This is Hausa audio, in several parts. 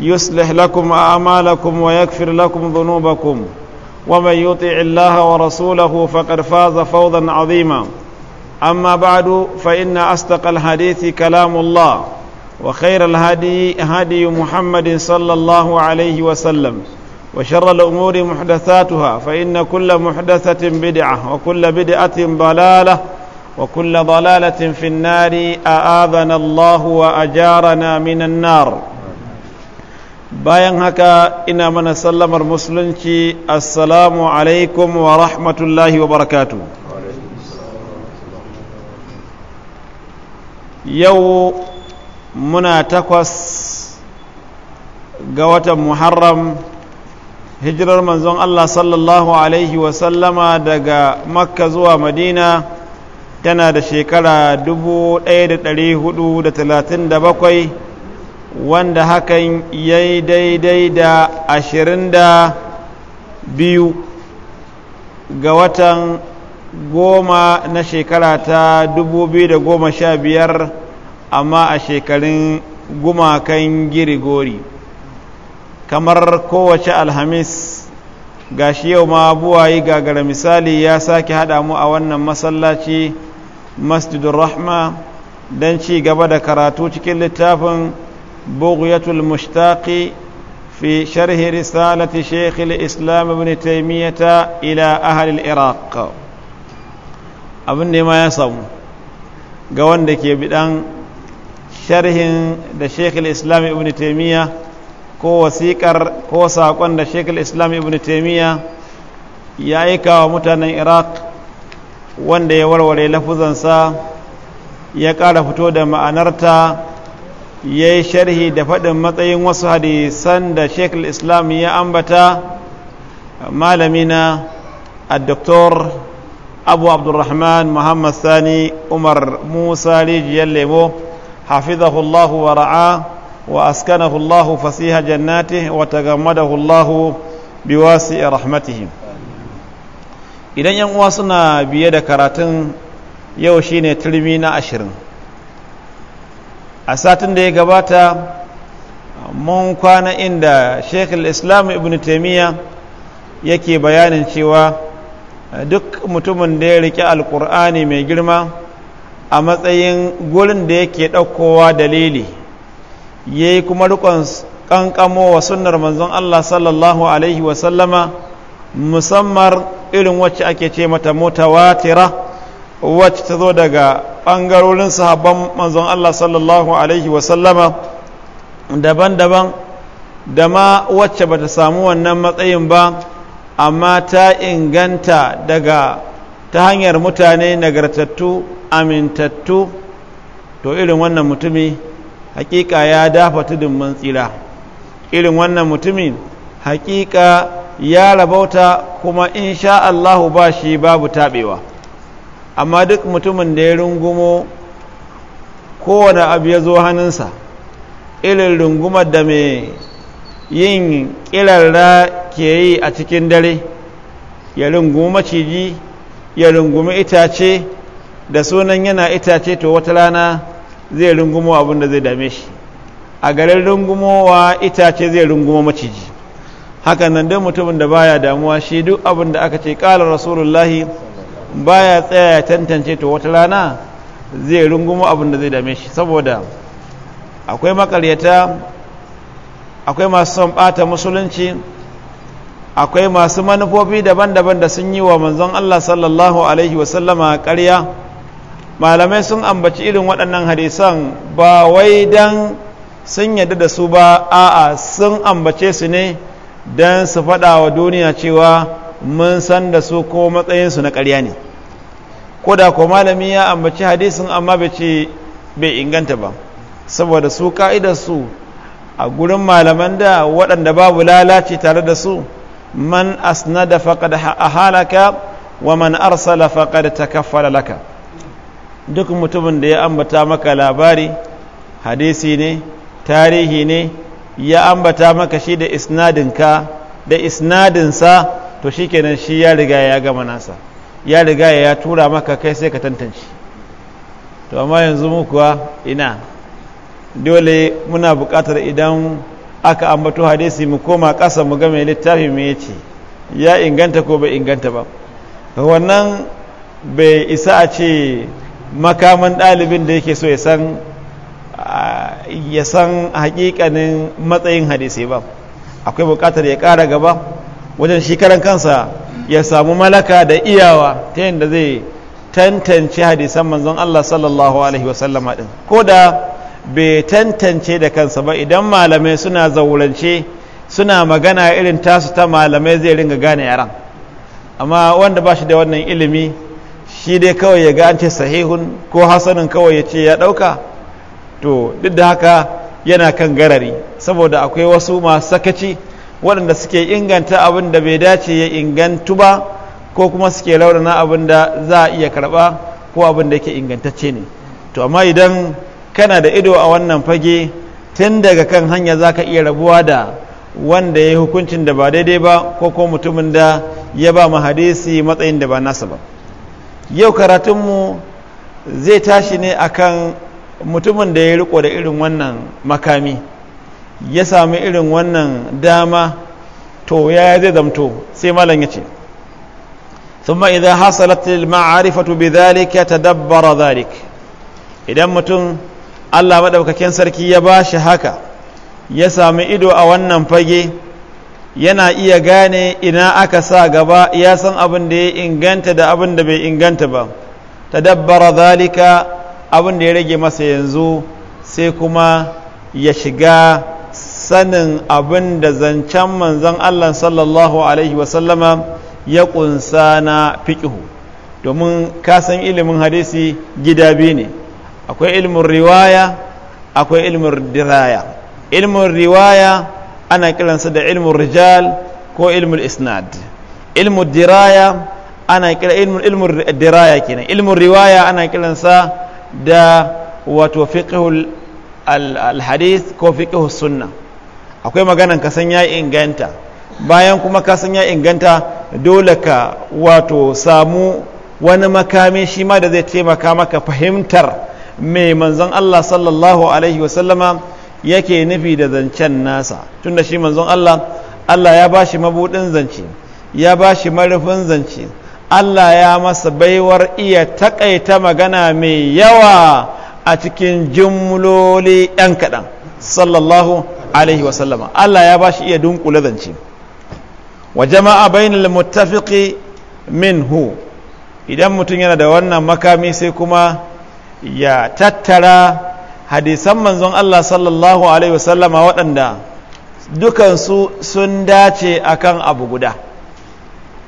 يصلح لكم أعمالكم ويغفر لكم ذنوبكم ومن يطع الله ورسوله فقد فاز فوضا عظيما أما بعد فإن أصدق الحديث كلام الله وخير الهدي هدي محمد صلى الله عليه وسلم وشر الأمور محدثاتها فإن كل محدثة بدعة وكل بدعة ضلالة وكل ضلالة في النار أآذن الله وأجارنا من النار bayan haka ina mana sallamar musulunci assalamu alaikum wa rahmatullahi wa barakatu yau muna takwas ga watan muharram hijirar manzon Allah sallallahu alaihi wa sallama daga makka zuwa madina tana da shekara 1437 wanda hakan ya yi daidai da ashirin da biyu ga watan goma na shekara ta dubu biyu da goma sha biyar amma a shekarun gumakan girigori kamar kowace alhamis ga shi yau ma buwayi gagara misali ya sake haɗa mu a wannan masallaci masjidun rahma don ci gaba da karatu cikin littafin بغية المشتاق في شرح رسالة شيخ الإسلام ابن تيمية إلى أهل العراق أبن ما يصوم قوان دكي بدان شرح دا شيخ الإسلام ابن تيمية كو وسيكر كو ساقوان دا شيخ الإسلام ابن تيمية يأيكا ومتانا العراق وان دا يورولي لفظا سا يكالا فتودا ما أنرتا ya yi sharhi da faɗin matsayin wasu hadisan da shekul islam ya ambata malamina a doktor abu abdulrahman muhammad sani umar musa rijiyar lemo hafizahullahu wa ra'a wa askanahullahu fasiha jannati wa tagammadahullahu biwasi rahmatihi idan yan uwa suna biye da karatun yau shine turmi na ashirin a satin da ya gabata mun kwana inda shekul islam ibn taimiyya yake bayanin cewa eh, duk mutumin da ya riƙe alƙur'ani mai girma a matsayin gurin da yake ɗaukowa dalili ya yi kuma rikon ƙanƙamo wa sunnar manzon Allah sallallahu Alaihi wasallama musamman irin wacce ake ce mata mota watira wacce ta zo daga ɓangarorin sahabban manzon Allah sallallahu alaihi wasallama daban-daban da ma wacce ba ta samu wannan matsayin ba amma ta inganta daga ta hanyar mutane nagartattu amintattu to irin wannan mutumi hakika ya dafa tudun man tsira irin wannan mutumin hakika ya rabauta kuma insha Allahu ba shi babu taɓewa. amma duk mutumin da ya rungumo kowane abu ya zo hannunsa irin rungumar da mai yin ƙirarra ke yi a cikin dare ya rungumi maciji ya rungumi itace da sunan yana itace to wata rana zai rungumo abin da zai dame shi a garin rungumowa itace zai rungumo maciji hakan nan don mutumin da baya damuwa shi duk abin da aka ce ƙalar rasulullahi baya tsaya ya tantance to wata rana zai rungumo abin da zai dame shi saboda akwai makaryata akwai masu son bata musulunci akwai masu manufofi daban-daban da sun yi wa manzon Allah sallallahu alaihi wasallama ƙarya malamai sun ambaci irin waɗannan hadisan ba wai don sun yadda da su ba a'a sun ambace su ne don su faɗa wa duniya cewa mun san da su ko matsayinsu na ƙarya ne ko da ko malami ya ambaci hadisin amma bai ce bai inganta ba saboda su ka'idarsu a gurin malaman da waɗanda babu lalaci tare da su man asnada faqad ahalaka wa man arsala faqad takaffala laka duk mutumin da ya ambata maka labari hadisi ne tarihi ne ya ambata maka shi da isnadinka da isnadinsa to shikenan shi ya riga ya gama nasa ya riga ya tura maka kai sai ka tantance to amma yanzu mu kuwa ina dole muna buƙatar idan aka ambato hadisi mu koma ƙasa mu ga mai littafi mu yace ya inganta ko bai inganta ba wannan bai isa a ce makaman ɗalibin da yake so ya san ya matsayin hadisi ba akwai buƙatar ya ƙara gaba wajen shi kansa ya samu malaka da iyawa ta yadda zai tantance hadisan manzon Allah sallallahu alaihi wasallama din ko da bai tantance da kansa ba idan malamai suna zaurance suna magana irin tasu ta malamai zai ringa gane yaran amma wanda ba shi da wannan ilimi shi dai kawai ya gance sahihun ko hasanin kawai ya ce ya ɗauka to duk da haka yana kan garari saboda akwai wasu masu sakaci waɗanda suke inganta abin da bai dace ya ingantu ba ko kuma suke laurana abin da za a iya karɓa ko abin da yake ingantacce ne to amma idan kana da ido a wannan fage tun daga kan hanya za ka iya rabuwa da wanda ya yi hukuncin da ba daidai ba ko ko mutumin da ya ba mu hadisi matsayin da ba nasa ba yau karatunmu zai tashi ne akan mutumin da ya riko da irin wannan makami ya sami irin wannan dama to ya zai zamto sai malam ya ce ثم إذا ma'arifatu المعرفة ta تدبر zalik idan mutum Allah maɗaukakin sarki ya ba shi haka ya sami ido a wannan fage yana iya gane ina aka sa gaba ya san abin da ya inganta da abin da bai inganta ba ta dabbara zalika abin da ya rage masa yanzu sai kuma ya shiga sanin abin da zancen manzon Allah sallallahu alaihi wasallama ya ƙunsa na fiƙihu domin kasan ilimin hadisi gida biyu ne akwai ilimin riwaya akwai ilimin diraya ilimin riwaya ana kiransa da ilimin rijal ko ilimin isnad ilimin diraya ana kira ilimin diraya kenan ilimin riwaya ana kiransa da wato fiqhul alhadis ko fiqhus sunnah akwai maganan ka san ya inganta bayan kuma ka san ya inganta dole ka wato samu wani makami shi ma da zai taimaka maka fahimtar mai manzon Allah sallallahu alaihi wasallama yake nufi da zancen nasa tunda shi manzon Allah Allah ya ba shi mabuɗin zance ya ba shi marufin zance Allah ya masa baiwar iya taƙaita magana mai yawa a cikin jimloli ɗan kaɗan sallallahu alaihi wasallama Allah ya ba shi iya dunkule zance wa jama'a bainal muttafiqi minhu idan mutum yana da wannan makami sai kuma ya tattara hadisan manzon Allah sallallahu alaihi wasallama waɗanda dukansu sun dace akan abu guda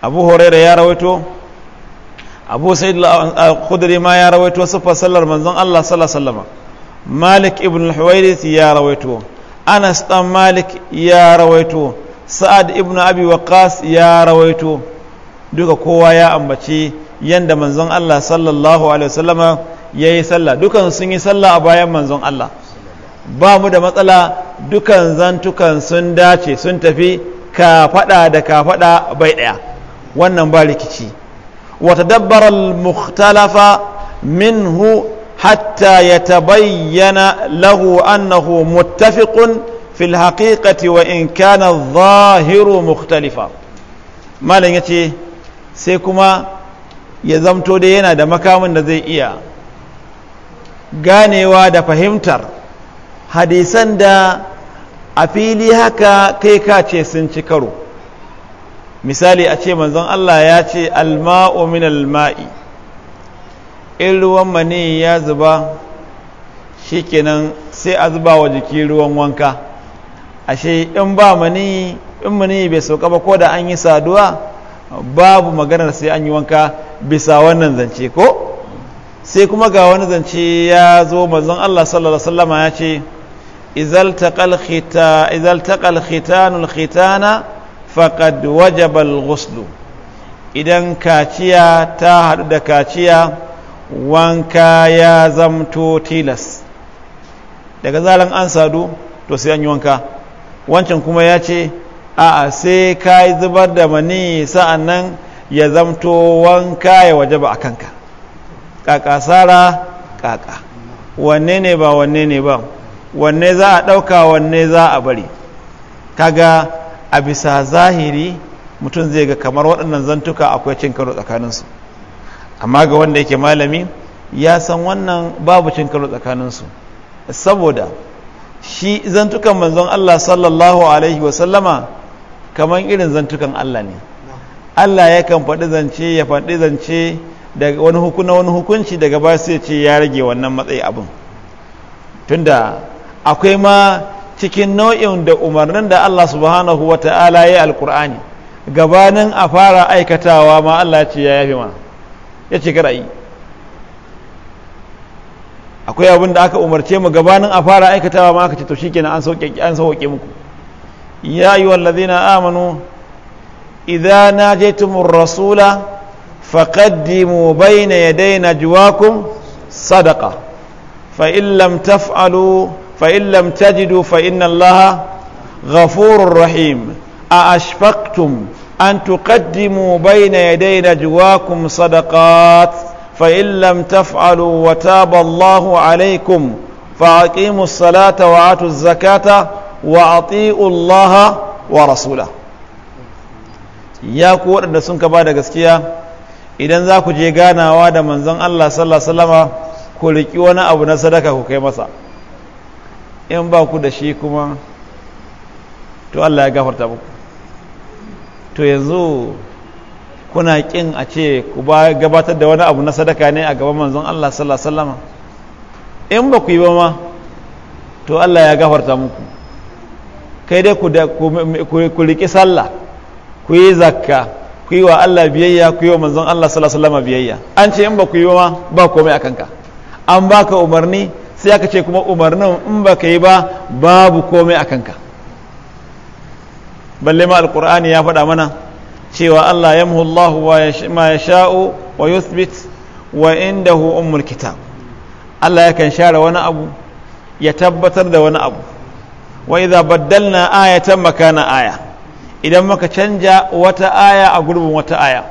abu huraira ya rawaito abu sa'id al-khudri ma ya rawaito sifar sallar manzon Allah sallallahu alaihi wasallama malik ibn al-huwairith ya rawaito anas ɗan malik ya rawaito sa'ad ibn abi waqas ya rawaito duka kowa ya ambaci yadda manzon Allah sallallahu alaihi wasallama yi sallah dukan sun yi sallah a bayan manzon Allah ba mu da matsala dukan zantukan sun dace sun tafi ka fada da ka fada bai ɗaya. wannan ba rikici wata dabbarar al min hu. hatta ya ta bayyana lahu annahu muttafiqun fil haqiqati wa in kana zahiru mukhtalifa malam yace sai kuma ya zamto dai yana da makamin da zai iya ganewa da fahimtar hadisan da a fili haka kai ka ce sun ci karo misali ace ce manzon Allah ya ce alma'u min alma'i in ruwan mani ya zuba shikenan sai a zuba wa jiki ruwan wanka ashe in ba mani in mani bai sauka ba ko da an yi saduwa babu maganar sai an yi wanka bisa wannan zance ko sai kuma ga wani zance ya zo mazan Allah sallallahu alaihi ya ce izal taqal khita izal taqal khitanul khitana faqad wajaba idan kaciya ta hadu da kaciya wanka ya zamto tilas daga zalan an sadu to sai an yi wanka wancan kuma ya ce a'a sai ka yi zubar da mani sa'an nan ya zamto wanka ya waje ba a kanka kaka sara kaka wanne ne ba wanne ne ba wanne za a ɗauka wanne za a bari kaga a bisa zahiri mutum zai ga kamar waɗannan zantuka akwai cin karo tsakaninsu amma ga wanda yake malami ya san wannan babu cin karo tsakaninsu saboda shi zantukan manzon Allah sallallahu alaihi wasallama kamar irin zantukan Allah ne Allah yakan faɗi zance ya faɗi zance daga wani hukuna wani hukunci daga ba sai ce ya rage wannan matsayi abun. tunda akwai ma cikin nau'in da umarnin da Allah subhanahu wa ta'ala ya yi alkur'ani gabanin a fara aikatawa ma Allah ce ya yafi ma ya ce kara yi akwai abin da aka umarce mu gabanin a fara aikatawa ma aka ce to shikenan an sauke an sauke muku ya ayu allazina amanu idza najaytumur rasula faqaddimu bayna yaday najwakum sadaqa fa in lam taf'alu fa in lam tajidu fa inna allaha ghafurur rahim a ashfaqtum أن تقدموا بين يدي نجواكم صدقات فإن لم تفعلوا وتاب الله عليكم فأقيموا الصلاة وآتوا الزكاة وأطيعوا الله ورسوله ya ku waɗanda sun ka ba da gaskiya idan za ku je ganawa da manzon Allah sallallahu ku riƙi wani abu na sadaka ku kai masa in ba ku da shi kuma to Allah ya gafarta to yanzu kuna kin a ce ku ba gabatar da wani abu na sadaka ne a gaban manzon Allah sallallahu alaihi wasallam in ba ku yi ba ma to Allah ya gafarta muku kai dai ku da ku riki sallah ku yi zakka ku yi wa Allah biyayya ku yi wa manzon Allah sallallahu alaihi wasallam biyayya an ce in ba ku yi ba ma ba komai akan ka an baka umarni sai aka ce kuma umarnin in ba ka yi ba babu komai akan ka balle ma alqur'ani ya faɗa mana cewa Allah yamhu Allah ma sha'u wa yuthbit wa indahu ummul kitab Allah yakan share wani abu ya tabbatar da wani abu wa idza baddalna ayatan makana aya idan muka canja wata aya a gurbin wata aya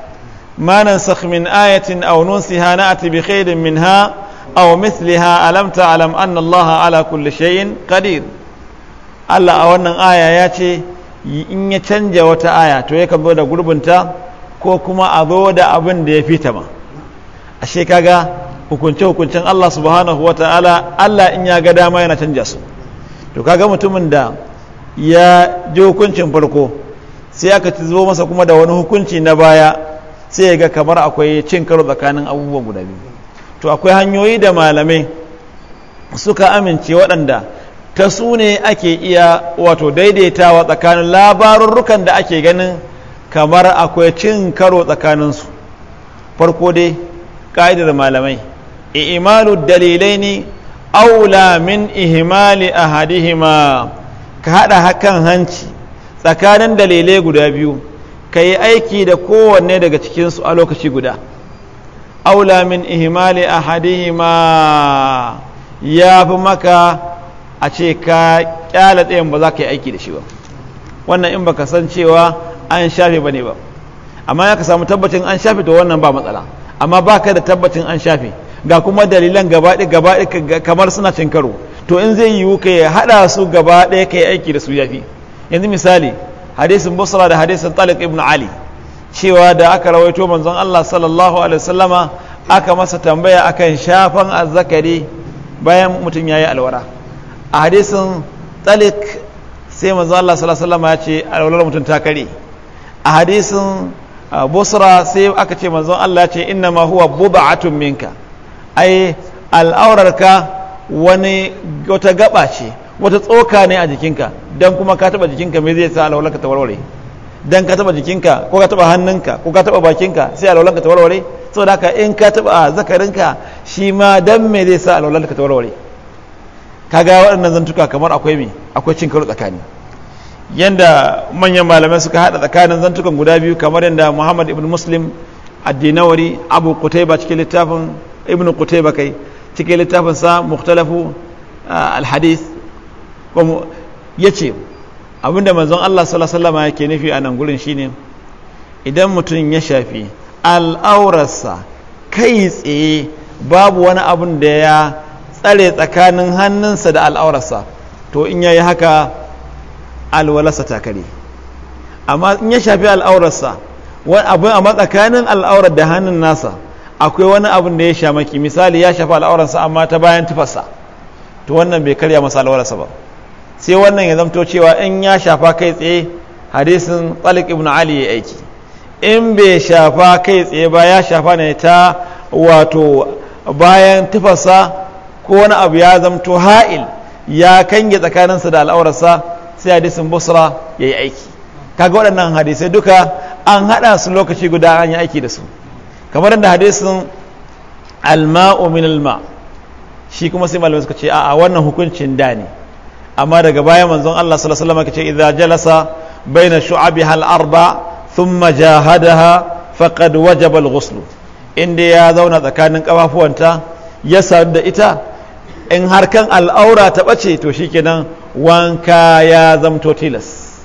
Manan nansakh min ayatin aw nunsiha na'ti bi khairin minha aw mithliha alam ta'lam anna Allah ala kulli shay'in qadir Allah a wannan aya ya ce in ya canja wata aya to yakan zo da gurbinta ko kuma a zo da abin da ya fita ma ashe kaga hukunce hukuncen Allah subhanahu ta'ala Allah in ya ga dama yana canja su to kaga mutumin da ya ji hukuncin farko sai aka ci zo masa kuma da wani hukunci na baya sai ya ga kamar akwai cin karo tsakanin abubuwan guda biyu to akwai hanyoyi da malamai suka amince waɗanda ta su ne ake iya wato daidaitawa tsakanin labarurrukan da ake ganin kamar akwai cin karo tsakanin su farko dai ka'idar malamai imalu dalilai ne aula min ihimali a hadihima ka haɗa hakan hanci tsakanin dalilai guda biyu ka yi aiki da kowanne daga cikinsu a lokaci guda aula min ihimali a hadihima ya fi maka a ce ka kyala tsayin ba za ka yi aiki da shi ba wannan in baka san cewa an shafe ba ne ba amma ya ka samu tabbacin an shafe to wannan ba matsala amma ba ka da tabbacin an shafe ga kuma dalilan gabaɗe gabaɗe kamar suna cin karo to in zai yiwu ka ya haɗa su gaba ɗaya ka yi aiki da su ya fi. yanzu misali hadisin busra da hadisin talik ibn ali cewa da aka rawaito manzon allah sallallahu alaihi wasallama aka masa tambaya akan shafan azzakari bayan mutum ya yi alwara a hadisun talik sai manzo Allah sallallahu alaihi ya ce alwalar mutum ta kare a hadisun uh, busra sai aka ce manzo Allah ya ce inna ma huwa bub'atun minka ai al'aurarka wani wata gaba ce wata tsoka ne a jikinka dan kuma ka taba jikinka me zai sa ka ta warware dan ka taba jikinka ko ka taba hannunka ko ka taba bakinka sai ka ta warware saboda haka in ka taba zakarinka shi ma dan me zai sa ka ta warware kaga waɗannan zantuka kamar akwai me akwai cin karo tsakani yanda manyan malamai suka hada tsakanin zantukan guda biyu kamar yanda Muhammad ibn Muslim addinawari Abu Qutayba cikin littafin Ibn Qutayba kai cikin littafin sa Mukhtalafu ah, alhadis ya ce abinda manzon Allah sallallahu ya ke nufi a nan gurin shine idan mutum ya shafi al'aurarsa kai tsaye babu wani abin da ya tsare tsakanin hannunsa da al'aurarsa to in yayi haka alwalarsa ta kare amma in ya shafi al'aurarsa wani abin a matsakanin al'aurar da hannun nasa akwai wani abin da ya shamaki misali ya shafi al'aurarsa amma ta bayan tufarsa to wannan bai karya masa al'aurarsa ba sai wannan ya zamto cewa in ya shafa kai tsaye hadisin tsalik ibn ali ya aiki in bai shafa kai tsaye ba ya shafa ne ta wato bayan tufarsa ko wani abu ya zamto ha'il ya kange tsakaninsa da al'aurarsa sai hadisin busra ya yi aiki kaga waɗannan hadisai duka an haɗa su lokaci guda an yi aiki da su kamar da hadisin alma'u min alma shi kuma sai malamai suka ce a'a wannan hukuncin da ne amma daga baya manzon Allah sallallahu alaihi wasallam kace idza jalasa baina shu'abiha al-arba thumma jahadaha faqad wajaba al-ghusl inda ya zauna tsakanin kafafuwanta ya sadu da ita in harkan al'aura ta ɓace to shi shikenan wanka ya zamto tilas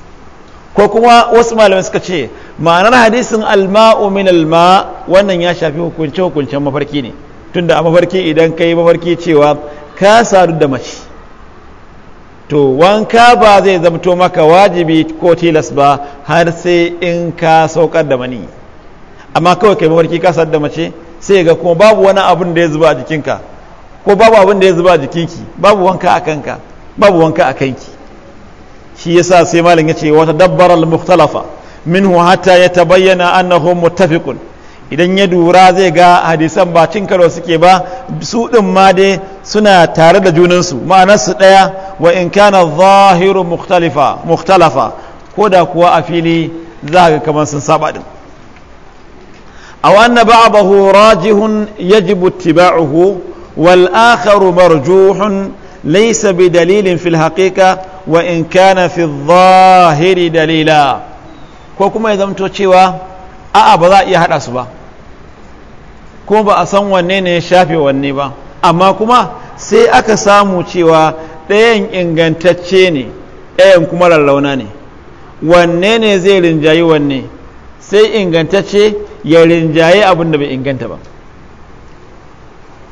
ko kuma wasu malamai suka ce ma'anar hadisin alma'u min alma wannan ya shafi hukunce hukuncen mafarki ne tunda a mafarki idan ka yi mafarki cewa ka sadu da mace to wanka ba zai zamto maka wajibi ko tilas ba har sai in ka saukar da mani amma kawai kai mafarki ka sadu da mace sai ga kuma babu wani abin da ya zuba a jikinka ko babu abin da ya zuba jikinki babu wanka a kanka babu wanka a kanki shi yasa sai malam ya ce wata dabbar al-mukhtalafa minhu hatta ya tabayyana annahu muttafiqun idan ya dura zai ga hadisan ba cin karo suke ba su din ma dai suna tare da junansu ma'anar su daya wa in kana zahiru mukhtalifa mukhtalafa ko da kuwa a fili za ga kamar sun saba din aw anna ba'dahu rajihun yajibu ittiba'uhu والآخر مرجوح ليس بدليل في الحقيقة وإن كان في الظاهر دليلا كوكما إذا متوشيوا أأبضاء يهد أصبا kuma ba a san wanne ne ya shafe wanne ba amma kuma sai aka samu cewa ɗayan ingantacce ne ɗayan kuma lallauna ne wanne ne zai rinjayi wanne sai ingantacce ya rinjaye abin da bai inganta ba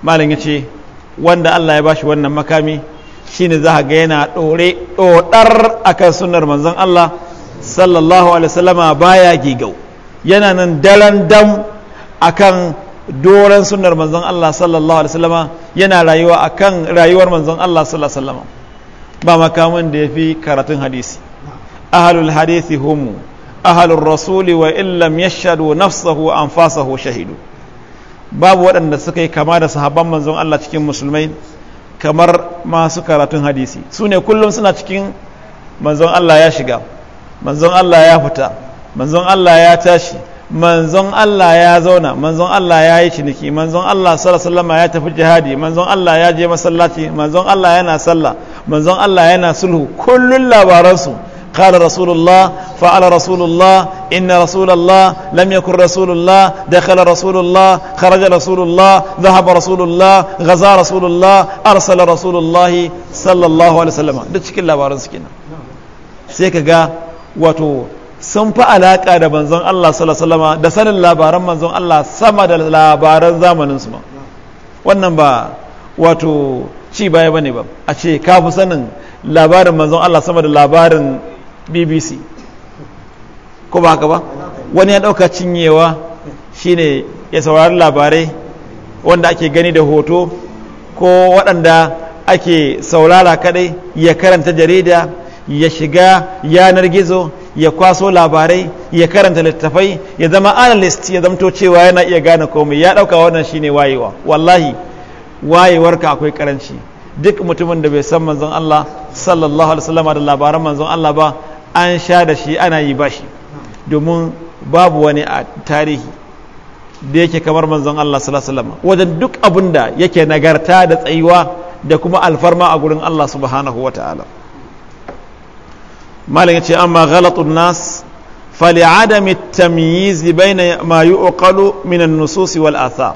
malam ya ce wanda Allah ya bashi wannan makami shine za ga yana ɗore ɗodar kan sunnar manzon Allah sallallahu alaihi wasallama baya gigau yana nan daren dam a kan doron sunnar manzon Allah sallallahu alaihi wasallama yana rayuwa a kan rayuwar manzon Allah sallallahu alaihi wasallama ba makamin da ya fi karatun hadisi Ahalul hadisi hum ahlur rasuli wa illam yashhadu nafsahu anfasahu shahidu babu waɗanda suka yi kama da sahabban manzon Allah cikin musulmai kamar masu karatun hadisi su ne kullum suna cikin manzon Allah ya shiga manzon Allah ya fita manzon Allah ya tashi manzon Allah ya zauna manzon Allah ya yi ciniki manzon Allah sallama ya tafi jihadi manzon Allah ya je masallaci manzon Allah yana sallah manzon Allah yana sulhu kullum labaransu قال رسول الله فعل inna الله إن رسول الله لم يكن رسول الله دخل رسول الله خرج رسول الله ذهب رسول الله غزا duk cikin labarin su kenan sai ka ga wato sun fi alaƙa da manzon Allah sallallahu alaihi wasallam da sanin labaran manzon Allah sama da labaran zamanin su ma wannan ba wato ci baya bane ba a ce ka fi sanin labarin manzon Allah sama da labarin bbc ko ba haka ba wani ya ɗauka cinyewa shine ya saurari labarai wanda ake gani da hoto ko waɗanda ake saurara kadai ya karanta jarida ya shiga yanar gizo ya kwaso labarai ya karanta littafai ya zama analyst ya zamto cewa yana iya gane komai ya ɗauka wannan shine wayewa wallahi wayewarka akwai karanci duk mutumin da bai san manzon Allah sallallahu alaihi wasallam da labaran manzon Allah ba an sha da shi ana yi bashi domin babu wani a tarihi da yake kamar manzon Allah sallallahu alaihi wajen duk abin da yake nagarta da tsayuwa da kuma alfarma a gurin Allah subhanahu wata'ala malam yace amma ghalatun nas فلعدم التمييز بين ما يعقل من النصوص والآثار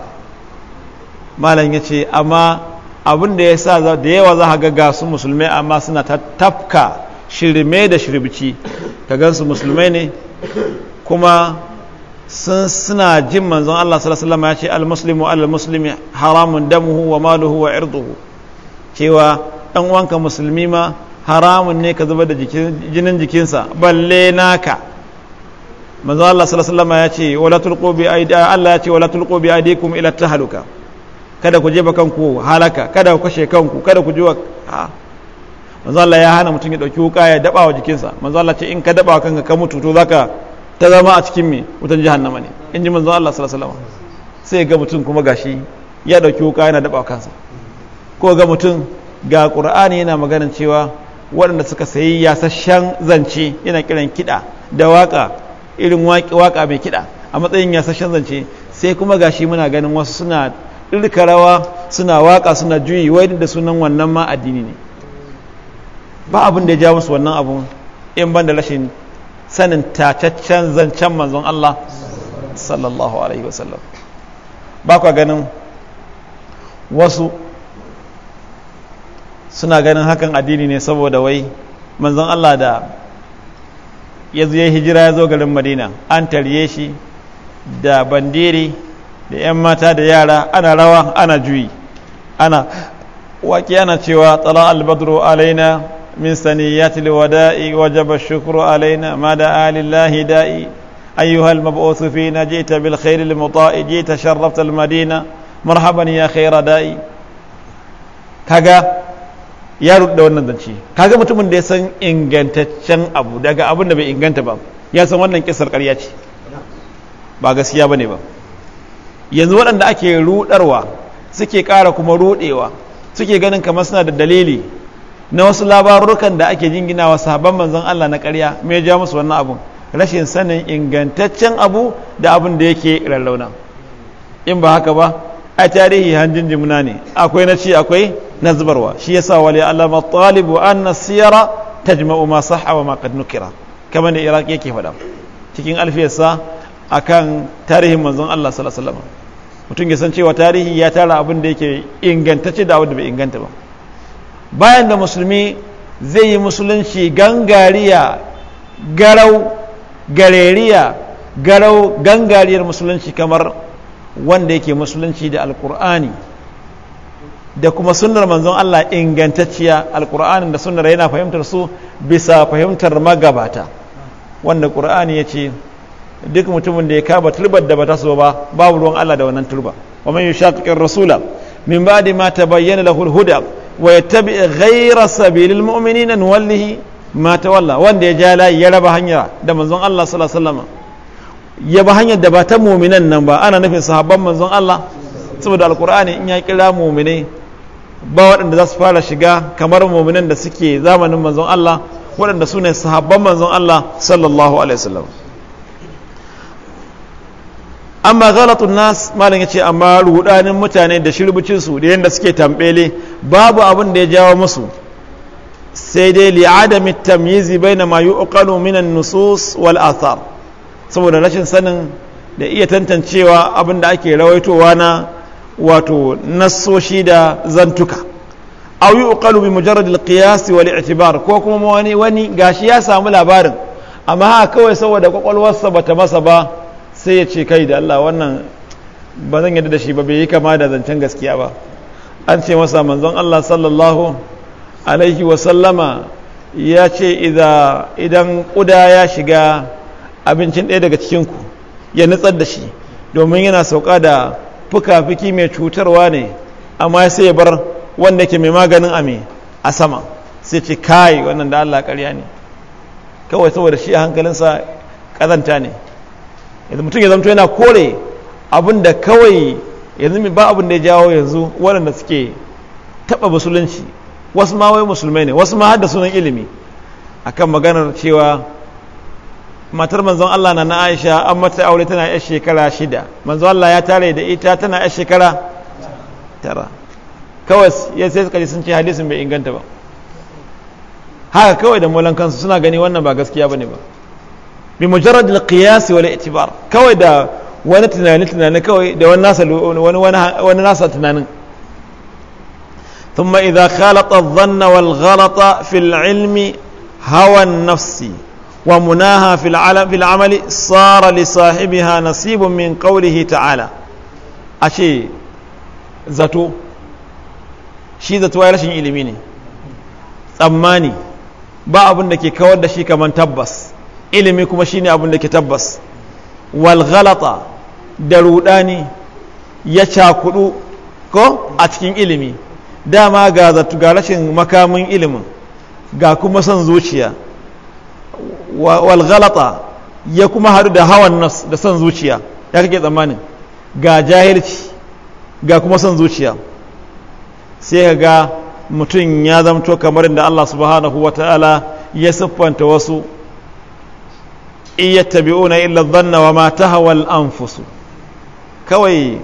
malam ya ce amma abin da ya sa da yawa za ka ga su musulmai amma suna ta tafka shirme da shirbici ka gansu musulmai ne kuma sun suna jin manzon Allah sallallahu alaihi wasallam ya ce al-muslimu al-muslimi haramun damuhu wa maluhu wa irduhu cewa dan uwanka musulmi ma haramun ne ka zuba da jinin jikinsa balle naka manzon Allah sallallahu alaihi wasallam ya ce wala tulqu bi aidi Allah ya ce wala tulqu bi aidikum ila tahluka kada ku jeba kanku halaka kada ku kashe kanku kada ku jiwa manzo ya hana mutum ya dauki wuka ya daba wa jikinsa manzo Allah ce in ka daba kanka ka mutu to ka ta zama a cikin me wutan jahannama ne in ji manzo Allah sallallahu alaihi wasallam sai ga mutum kuma gashi ya dauki wuka yana daba kansa ko ga mutum ga qur'ani yana maganin cewa waɗanda suka sayi yasashen zance yana kiran kiɗa da waka irin waka mai kiɗa a matsayin yasashen zance sai kuma gashi muna ganin wasu suna ɗirka rawa suna waka suna juyi wai da sunan wannan ma addini ne ba abin da ya ja musu wannan abun in ban da rashin sanin tacaccen zancen manzon Allah sallallahu alaihi wasallam ba kwa ganin wasu suna ganin hakan addini ne saboda wai manzon Allah da ya zuye hijira ya zo garin madina an tarye shi da bandiri da 'yan mata da yara ana rawa ana juyi ana waƙi ana cewa tsala albadro alaina من سنيات الوداء وجب الشكر علينا ما دعا لله دائي أيها المبعوث فينا جئت بالخير المطاء جئت شرفت المدينة مرحبا يا خير دائي كذا ya da wannan zance kaga mutumin da ya san ingantaccen abu daga abin bai inganta ba ya san wannan kisar ƙarya ce ba gaskiya bane ba yanzu waɗanda ake rudarwa suke ƙara kuma ruɗewa suke ganin kamar suna da dalili na wasu labarurukan da ake jingina wa sahabban manzon Allah na ƙarya me ja musu wannan abun rashin sanin ingantaccen abu da abin da yake rallauna in ba haka ba a tarihi hanjin jimuna ne akwai na ci akwai na zubarwa shi yasa wali ma talibu an siyara tajma'u ma sahha ma qad nukira kamar da iraq yake faɗa cikin alfiyarsa akan tarihin manzon Allah sallallahu alaihi wasallam mutum ya san cewa tarihi ya tara abin da yake ingantacce da abin da bai inganta ba bayan da musulmi zai yi musulunci gangariya garau gareriya garau gangariyar musulunci kamar wanda yake musulunci da alkur'ani da kuma sunar manzon Allah ingantacciya alkur'anin da sunar yana fahimtar su bisa fahimtar magabata wanda Ƙur'ani ya ce duk mutumin da ya kaba turbar da ba ta so ba babu ruwan Allah da wannan turba wa man yushaqiqir rasula min ba'di ma tabayyana lahul huda wa yattabi ghayra sabilil mu'minina nuwallihi ma tawalla wanda ya ja layi ya raba hanya da manzon Allah sallallahu alaihi ya ba hanyar da ba ta mu'minan nan ba ana nufin sahaban manzon Allah saboda alqur'ani in ya kira mu'minai ba waɗanda za su fara shiga kamar mu'minan da suke zamanin manzon Allah waɗanda su ne sahabban manzon Allah sallallahu alaihi wasallam amma galatun nas malam ce amma rudanin mutane da shirbucin da yadda suke tambele babu abin da ya jawo musu sai dai li'adami tamyizi baina ma yuqalu min an-nusus wal athar saboda rashin sanin da iya tantancewa abin da ake rawaitowa na wato nasoshi da zantuka aw yuqalu bi mujarrad al-qiyas wal i'tibar ko kuma wani gashi ya samu labarin amma haka kawai saboda kwakwalwarsa bata masa ba sai ya ce kai da Allah wannan ba zan yadda da shi ba bai yi kama da zancen gaskiya ba an ce masa manzon Allah sallallahu alaihi wasallama ya ce idan ƙuda ya shiga abincin ɗaya daga cikinku ya nutsar da shi domin yana sauka da fuka-fuki mai cutarwa ne amma sai ya bar wanda ke mai maganin ame a sama sai ce kai wannan da Allah ƙarya ne kawai saboda shi a hankalinsa ƙazanta ne yanzu mutum ya zamto yana kore abin da kawai yanzu ba abin da ya jawo yanzu waɗanda suke taɓa musulunci wasu ma wai musulmai ne wasu ma hada sunan ilimi akan maganar cewa matar manzon Allah na na Aisha an mata aure tana yar shekara shida manzon Allah ya tare da ita tana yar shekara tara kawai ya sai suka sun ce hadisin bai inganta ba haka kawai da molan kansu suna gani wannan ba gaskiya bane ba bi mujarrad al-qiyas wal kawai da wani tunani da wani nasa wani wani nasa tunanin ثم إذا خالط الظن والغلط في العلم هوى النفس ومناها في العلم في العمل صار لصاحبها نصيب من قوله تعالى أشي zato shi zato ya rashin ilimi ne tsammani ba abin da ke kawar da shi kamar tabbas ilimi kuma shine abin da ke tabbas walgalata da rudani ya cakudu ko a cikin ilimi dama ga zartu ga rashin makamin ilimin ga kuma son zuciya walgalata ya kuma haɗu da hawan nas da son zuciya ya kake tsammanin ga jahilci ga kuma son zuciya sai ka ga mutum ya zamto kamar inda Allah subhanahu wa ta'ala ya siffanta wasu in yattabi'una illa dhanna wa ma tahawa al-anfus kawai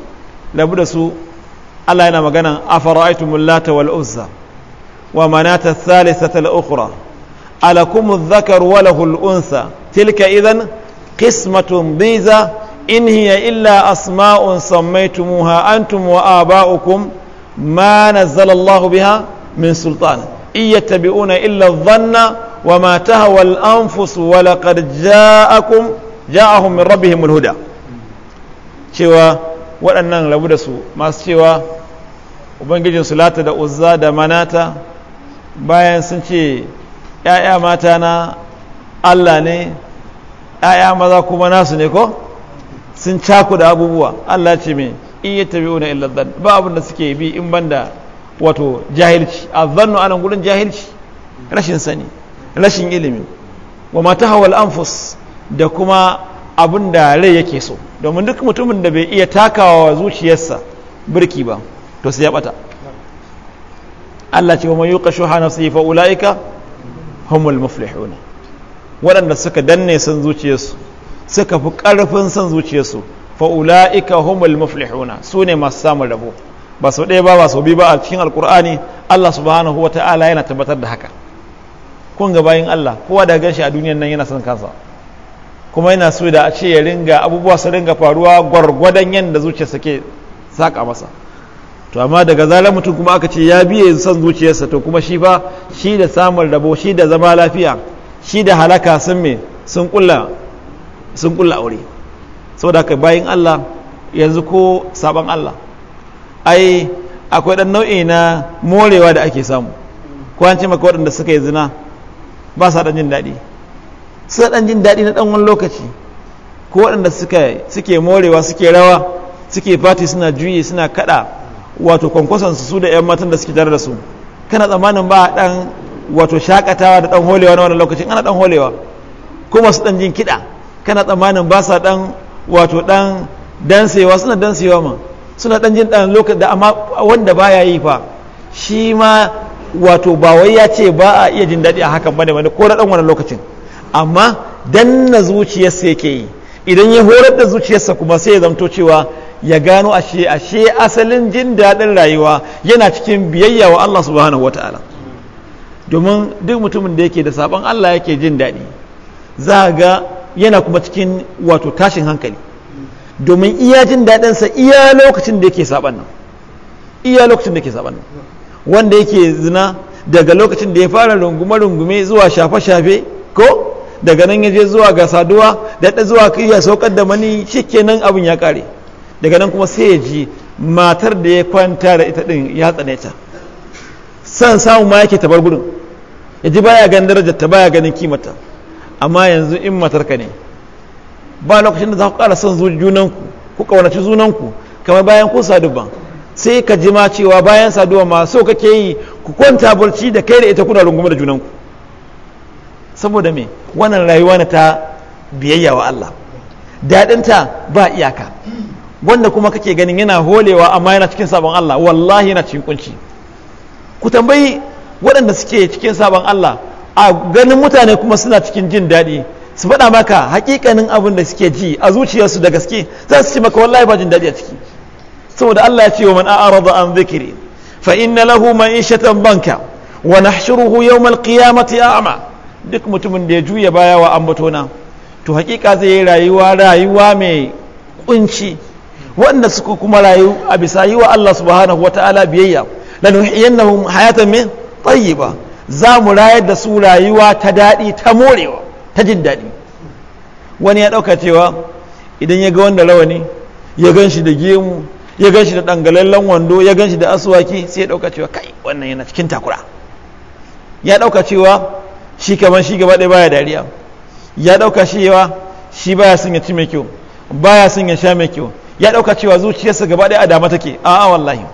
labu da su Allah yana magana afara'aytum lata wal uzza wa manata thalithata al-ukhra alakum adh-dhakaru wa lahu al-untha tilka idhan qismatun biza in hiya illa asma'un sammaytumuha antum wa aba'ukum ma nazzala Allah biha min sultan in yattabi'una illa dhanna wa ma tahwa al-anfus wa laqad ja'akum ja'ahum min rabbihim al-huda cewa waɗannan rabu da su masu cewa ubangijin sulata da uzza da manata bayan sun ce ‘ya'ya mata na Allah ne ‘ya'ya maza kuma nasu ne ko sun caku da abubuwa Allah ce mai iya tabi'una zan ba abin da suke bi in banda wato jahilci a zannu anan gudun jahilci rashin sani rashin ilimi wa mata hawal anfus da kuma abin da rai yake so domin duk mutumin da bai iya takawa zuciyarsa birki ba to sai ya bata Allah ce wa man yuqa shuha nafsihi fa ulaika humul muflihuna waɗanda suka danne san zuciyarsu suka fi ƙarfin san zuciyarsu fa ulaika humul muflihuna su ne masu samun rabo ba sau ɗaya ba ba sau biyu ba a cikin alkur'ani Allah subhanahu ta'ala yana tabbatar da haka kun ga bayin Allah kowa da ganshi a duniyan nan yana son kansa kuma yana so da a ce ya ringa abubuwa su ringa faruwa gwargwadon yadda zuciyarsa ke saka masa to amma daga zalar mutum kuma aka ce ya biye son zuciyarsa to kuma shi fa shi da samun rabo shi da zama lafiya shi da halaka sun me sun kulla sun kulla aure saboda ka bayan Allah yanzu ko sabon Allah ai akwai dan nau'i na morewa da ake samu ko an maka waɗanda suka yi zina ba sa dan jin daɗi su dan jin daɗi na ɗan wani lokaci ko waɗanda suke morewa suke rawa suke fati suna juyi suna kaɗa wato kwankwasonsu su da yan matan da suke tare da su kana tsammanin ba a ɗan wato shakatawa da ɗan holewa na wani lokacin ana ɗan holewa kuma su ɗan jin kiɗa kana tsammanin ba sa ɗan wato ɗan dansewa suna dansewa ma suna ɗan jin ɗan lokacin da amma wanda ya yi fa shi ma wato ba wai ya ce ba a iya jin daɗi a hakan ba ne wani ko na ɗan wani lokacin amma na zuciyarsa yake yi idan ya horar da zuciyarsa kuma sai ya zamto cewa ya gano ashe ashe asalin jin daɗin rayuwa yana cikin biyayya wa Allah subhanahu wataala domin duk mutumin da yake da sabon Allah yake jin daɗi za ga yana kuma cikin wato tashin hankali domin iya jin daɗinsa iya lokacin da yake saban nan iya lokacin da yake saban nan wanda yake zina daga lokacin da ya fara rungume-rungume zuwa shafe-shafe ko daga nan ya je zuwa ga saduwa daɗa zuwa iya saukar da mani shikenan abin ya kare, daga nan kuma sai ya ji matar da ya kwanta da ita ɗin ya tsane ta san samu ma yake tabar gudun ya ji baya ganin darajar ta baya ganin kimata amma yanzu in matar ka ne ba lokacin da za ku ƙara son junanku ku ƙaunaci junanku kamar bayan ku sadu sai ka ji ma cewa bayan saduwa ma kake yi ku kwanta barci da kai da ita kuna rungume da junanku saboda me wannan rayuwa na ta biyayya wa Allah daɗinta ba iyaka wanda kuma kake ganin yana holewa amma yana cikin sabon Allah wallahi yana cikin kunci ku tambayi waɗanda suke cikin sabon Allah a ganin mutane kuma suna cikin jin daɗi su faɗa maka hakikanin abin da suke ji a zuciyarsu da gaske za su ce maka wallahi ba jin daɗi a ciki saboda Allah ya ce wa man a'rada an dhikri fa inna lahu ma'ishatan banka wa nahshuruhu yawm al-qiyamati a'ma duk mutumin da ya juya baya wa ambatona to hakika zai yi rayuwa rayuwa mai kunci wanda suka kuma rayu a bisa yi wa Allah subhanahu wata'ala biyayya lanuhiyannahum hayatan min tayyiba za mu rayar da su rayuwa ta daɗi ta morewa ta jin daɗi wani ya ɗauka cewa idan ya ga wanda rawani ya gan shi da gemu ya gan shi da ɗangalallen wando ya gan shi da asuwaki sai ya ɗauka cewa kai wannan yana cikin takura ya ɗauka cewa shi kamar shi gaba ɗaya baya dariya ya ɗauka cewa shi baya son ya ci mai kyau baya son ya sha mai kyau ya ɗauka cewa zuciyarsa gaba ɗaya a dama take a'a wallahi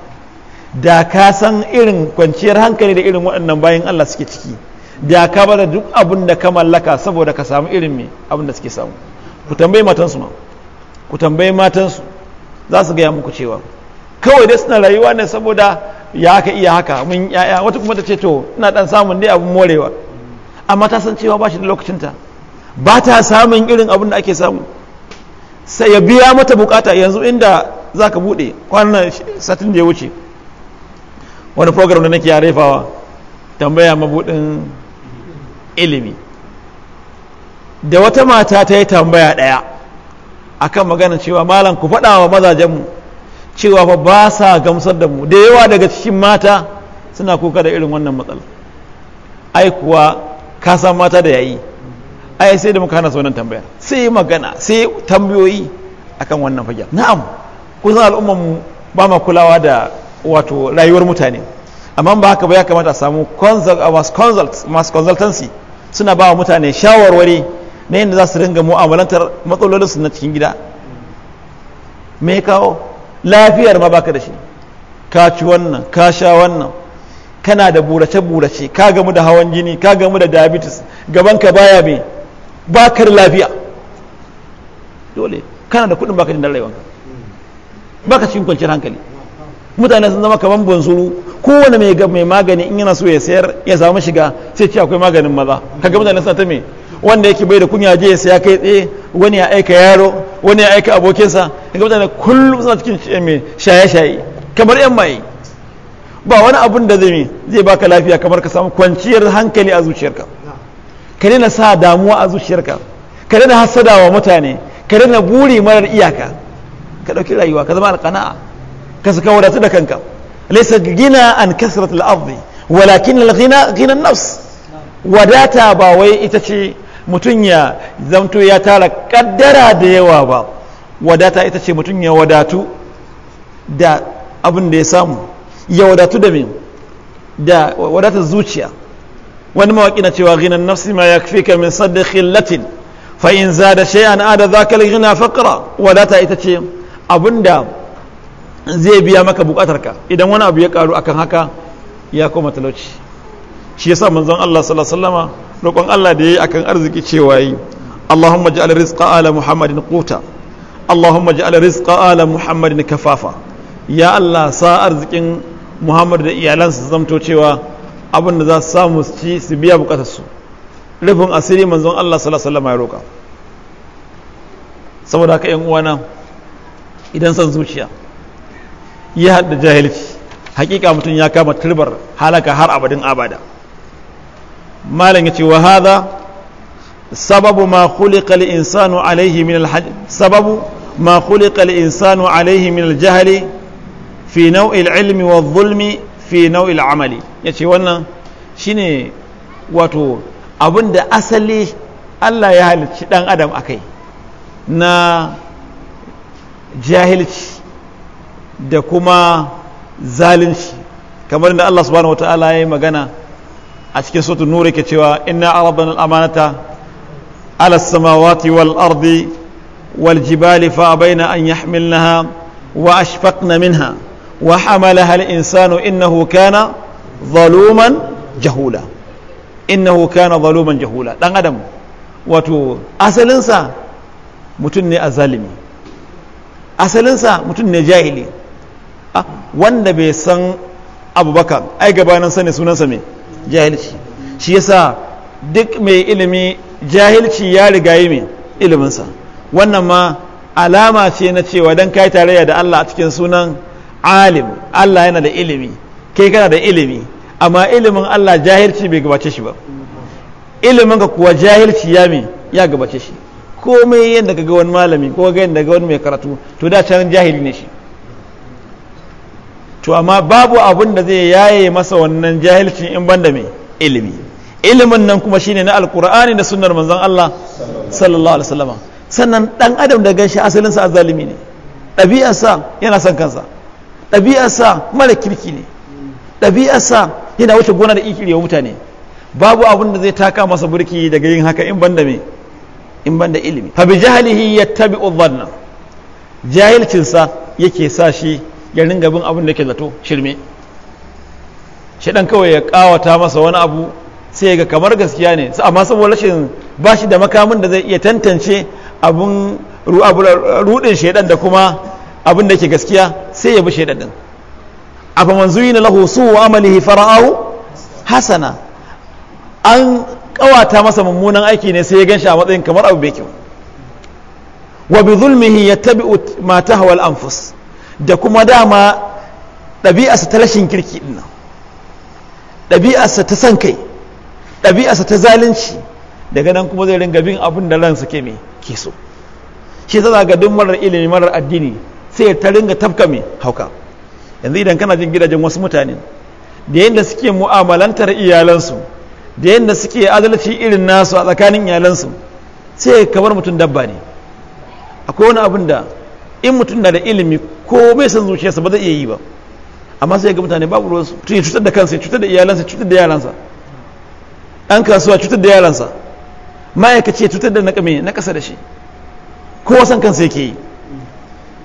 da ka san irin kwanciyar hankali da irin waɗannan bayan Allah suke ciki da ka da duk abin da ka mallaka saboda ka samu irin mai abin da suke samu ku tambayi matansu ma ku tambayi matansu za su gaya muku cewa kawai dai suna rayuwa ne saboda ya haka iya haka mun yaya wata kuma ta ce to ina dan samun dai abin morewa amma ta san cewa ba shi da lokacinta ba ta samun irin abin da ake samu sai ya biya mata bukata yanzu inda za ka buɗe kwanan satin da ya wuce wani program da nake yarefawa tambaya mabuɗin ilimi da wata mata ta yi tambaya ɗaya akan magana cewa malam ku faɗa wa mazajenmu cewa fa ba sa gamsar da mu da yawa daga cikin mata suna kuka da irin wannan matsala ai kuwa ka san mata da yayi ai sai da muka hana sauran tambaya sai magana sai tambayoyi akan wannan fage na'am kusan al'ummar mu ba ma kulawa da wato rayuwar mutane amma ba haka ba ya kamata a samu consult mas consultancy suna ba wa mutane shawarwari na yadda za su ringa mu'amalantar matsalolinsu na cikin gida me kawo lafiyar ma baka da shi ka ci wannan ka sha wannan kana da burace-burace ka gamu da hawan jini ka gamu da diabetes gabanka baya mai bakar lafiya dole kana da kudin baka jin rayuwa. baka cikin kwanciyar hankali mutane sun zama kaman banzuru kowane mai mai magani in yana so ya sayar ya samu shiga sai ce akwai maganin maza kaga mutane suna ta mai wanda yake bai da kunya je ya saya kai tsaye wani ya aika yaro wani ya aika abokinsa daga mutane kullum suna cikin mai eh, shaye-shaye kamar yan maye ba wani abun da zai zai baka lafiya kamar ka samu kwanciyar hankali a zuciyarka ka daina sa damuwa a zuciyarka ka daina hasada wa mutane ka daina buri marar iyaka ka ɗauki rayuwa ka zama alƙana'a ka saka wadatu da kanka laysa gina an kasrat ardi walakin al-ghina ghina ghina nafs wadata ba wai ita ce mutum ya zamto ya tara kaddara da yawa ba wadata ita ce mutum ya wadatu da abin da ya samu ya wadatu da min da wadatar zuciya wani mawaƙi na cewa ghinan nafsi ma ya fi min sadda khillatin fa da zada shay'an ada ka gina faqra wadata ita ce da zai biya maka bukatarka idan wani abu ya karu akan haka ya koma talauci shi yasa manzon Allah sallallahu alaihi wasallama roƙon Allah da ya a akan arziki cewa yi Allahumma ja'al alaris ala Muhammadin kuta, Allahumma ja'al alaris ala Muhammadin kafafa ya Allah sa arzikin Muhammad da iyalansa su zamto cewa abin da za su samu su ci su biya bukatar su rufin asiri manzon Allah sallallahu alaihi wasallam ya roƙa saboda haka ƴan uwana idan san zuciya ya haɗa jahilci hakika mutum ya kama turbar halaka har abadin abada malam yace wa hada sababu ma khuliqa li insanu alayhi min al sababu ma khuliqa li insanu alayhi min al-jahli fi naw'i al-ilmi wa zulmi fi nau'i al-amali yace wannan shine wato abinda asali Allah ya halicci dan adam akai na jahilci da kuma zalunci kamar da Allah subhanahu wataala ya yi magana a cikin sautu nuri ke cewa inna araban al'amanata ala samawati wal ardi wal jibali fa abaina an yahmilnaha wa ashfaqna minha wa hamalaha al insanu innahu kana zaluman jahula innahu kana zaluman jahula dan adam wato asalinsa mutum ne azalimi asalinsa mutum ne jahili ah, wanda bai san abubakar ai gabanin sani sunansa mai jahilci shi yasa duk mai ilimi jahilci ya riga yi mai iliminsa wannan ma alama ce na cewa don kai tarayya da Allah a cikin sunan alim Allah yana da ilimi kai kana da ilimi amma ilimin Allah jahilci bai gabace shi ba ilimin ka kuwa jahilci ya mai ya gabace shi komai yadda ka ga wani malami ko ga yadda ga wani mai karatu to da can jahili ne shi to amma babu abin da zai yaye masa wannan jahilcin in banda mai ilimi ilimin nan kuma shine na alkur'ani da sunnar manzon Allah sallallahu alaihi wasallam sannan ɗan adam da ganshi asalin sa azalimi ne ɗabi'arsa yana son kansa ɗabi'arsa mara kirki ne ɗabi'arsa yana wuce gona da ikiri wa mutane babu abin da zai taka masa burki daga yin haka in banda mai in banda ilimi fa bi jahlihi yattabi'u dhanna jahilcinsa yake sa shi ya ringa bin abin da ke zato shirme shi ɗan kawai ya kawata masa wani abu sai ga kamar gaskiya ne amma saboda rashin ba shi da makamin da zai iya tantance abin rudin shaidan da kuma abin da ke gaskiya sai ya bi shaidan din manzu yi na lahu su wa amalihi fara'au hasana an kawata masa mummunan aiki ne sai ya gan shi a matsayin kamar abu bai kyau wa bi zulmihi ya tabi mata al-anfus da kuma dama ɗabi'arsa ta rashin kirki ɗin ɗabi'arsa ta san kai ɗabi'arsa ta zalunci daga nan kuma zai ringa bin abin da ransa ke mai ke so shi zana ga duk marar ilimi marar addini sai ta ringa tafka mai hauka yanzu idan kana jin gidajen wasu mutane da yadda suke mu'amalantar iyalansu da yadda suke adalci irin nasu a tsakanin iyalansu sai kamar mutum dabba ne akwai wani abin da in mutum na da ilimi ko bai san zuciyarsa ba zai iya yi ba amma sai ga mutane babu ruwansu tun ya cutar da kansa cutar da iyalansa cutar da yaransa an kasuwa cutar da yaransa ma'aikaci ya cutar da na kame na ƙasa da shi Ko san kansa yake yi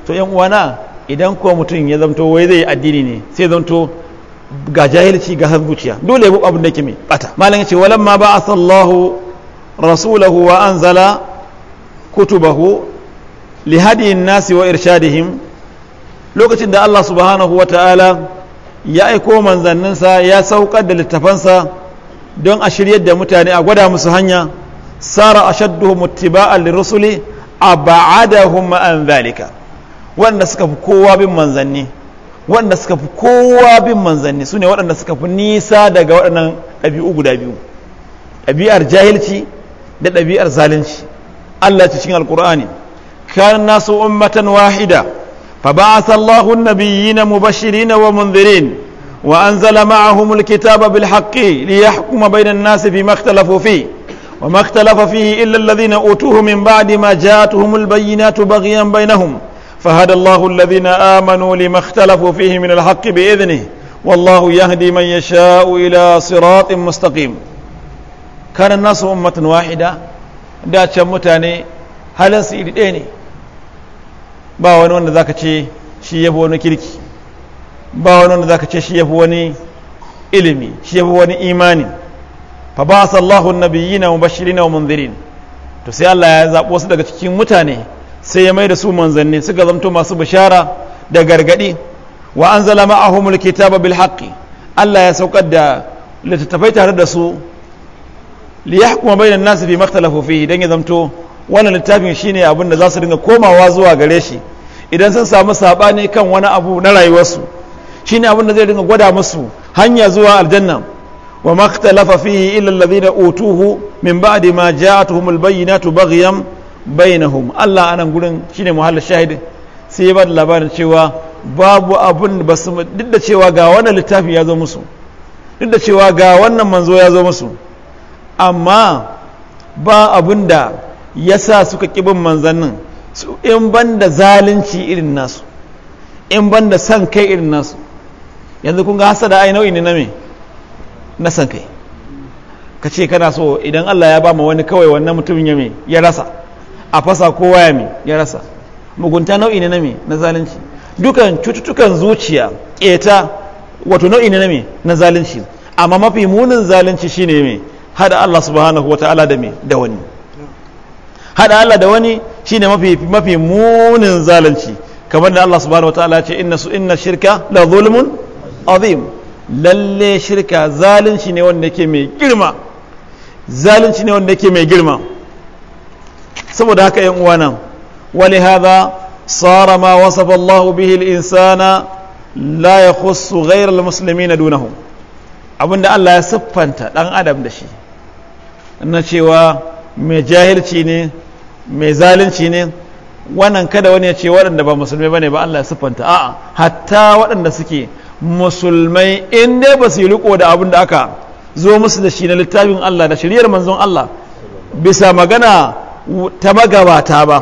to yan uwana idan kuwa mutum ya zamto wai zai yi addini ne sai zamto ga jahilci ga san zuciya dole ya abin da ke mai bata malam ya ce walamma ba sallahu rasulahu wa anzala kutubahu li hadiyin nasi wa irshadihim lokacin da Allah subhanahu wa ta'ala ya aiko manzanninsa ya saukar da littafansa don a shiryar da mutane a gwada musu hanya sara ashadduhum a lirusuli ab'adahum an zalika wanda suka fi kowa bin manzanni wanda suka fi kowa bin manzanni sune waɗanda suka fi nisa daga waɗannan ɗabi'u guda biyu ɗabi'ar jahilci da ɗabi'ar zalunci Allah ya ce cikin Alƙur'ani. كان الناس أمة واحدة فبعث الله النبيين مبشرين ومنذرين وأنزل معهم الكتاب بالحق ليحكم بين الناس فيما اختلفوا فيه وما اختلف فيه إلا الذين أوتوه من بعد ما جاءتهم البينات بغيا بينهم فهدى الله الذين آمنوا لما اختلفوا فيه من الحق بإذنه والله يهدي من يشاء إلى صراط مستقيم كان الناس أمة واحدة دا متاني هل سيدي ba wani wanda zaka ce shi yafi wani kirki ba wani wanda zaka ce shi yafi wani ilimi shi yafi wani imani fa ba sallahu annabiyina mubashirina wa munzirin to sai Allah ya zabo su daga cikin mutane sai ya mai da su manzanni suka zamto masu bishara da gargadi wa anzala ma'ahumul kitaba bil haqqi Allah ya saukar da littattafai tare da su liyahkuma bainan nasi fi maktalafu fihi dan ya zamto wannan littafin shine abin da za su dinga komawa zuwa gare shi idan sun samu saɓani kan wani abu na rayuwarsu shine abin da zai dinga gwada musu hanya zuwa aljanna wa ma ikhtalafa fihi illa alladhina utuhu min ba'di ma ja'atuhum albayyinatu baghyan bainahum Allah anan gurin shine muhallin shahidin sai ya ba da labarin cewa babu abun ba su duk da cewa ga wannan littafi ya zo musu duk da cewa ga wannan manzo ya zo musu amma ba abun da ya sa suka ƙibin manzannin su in da zalunci irin nasu in ban da san kai irin nasu yanzu kun ga hasa da nau'i ne na me na san kai ka ce kana so idan Allah ya ba ma wani kawai wannan mutumin ya me ya rasa a fasa kowa ya me ya rasa mugunta nau'i ne na me na zalunci dukan cututtukan zuciya keta wato nau'i ne na me na zalunci amma mafi munin zalunci shine me hada Allah subhanahu wataala da me da wani hada Allah da wani shine mafi mafi munin zalunci kamar da Allah subhanahu wataala ya ce inna su inna shirka la zulmun azim lalle shirka zalunci ne wanda yake mai girma zalunci ne wanda yake mai girma saboda haka yan uwana wali hadha sara ma wasafa Allah bihi al-insana la yakhussu ghayra al-muslimina dunahu abinda Allah ya siffanta dan adam da shi na cewa mai jahilci ne mai zalunci ne wannan kada wani ya ce waɗanda ba musulmai bane ba Allah ya siffanta a'a hatta waɗanda suke musulmai in dai ba su yi riko da abin da aka zo musu da shi na littafin Allah da shiriyar manzon Allah bisa magana ta magabata ba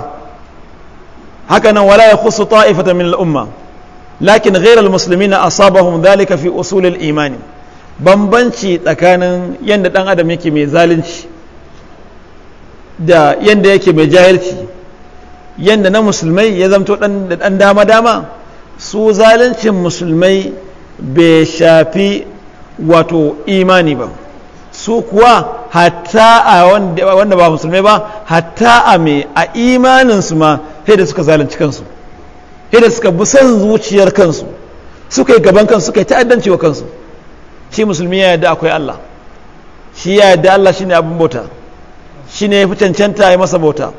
haka nan wala yakhussu ta'ifatan min al-umma lakin ghayra al-muslimina asabahum dhalika fi usul al-iman bambanci tsakanin yanda dan adam yake mai zalunci da yadda yake mai jahilci yadda na musulmai ya zamto dan dama dama su zalincin musulmai bai shafi wato imani ba su kuwa hatta a wanda ba musulmai ba hatta a mai a imaninsu ma haida suka zalunci kansu haida suka bi zuciyar kansu suka yi gaban kansu suka yi ta'addanci wa kansu shi musulmi ya yadda akwai Allah shi ya yadda Allah shi ne abin bauta shi ne ya fi cancanta ya masa bauta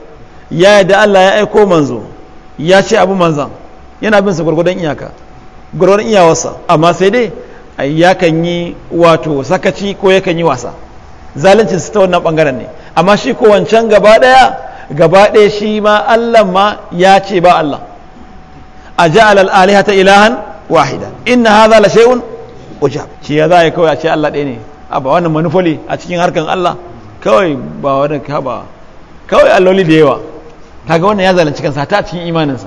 ya yadda Allah ya aiko manzo ya ce abu manzan yana bin sa gwargwadon iyaka gwargwadon iyawarsa amma sai dai yakan yi wato sakaci ko yakan yi wasa zalincin su ta wannan bangaren ne amma shi ko wancan gaba daya gaba daya shi ma Allah ma ya ce ba Allah a ja'al al-alihata ilahan wahida inna hadha la shay'un ujab shi ya za a yi kawai a ce Allah ɗaya ne a ba wannan manufoli a cikin harkan Allah kawai ba wani kaba kawai alloli da yawa kaga wannan ya zalunci kansa ta cikin imaninsa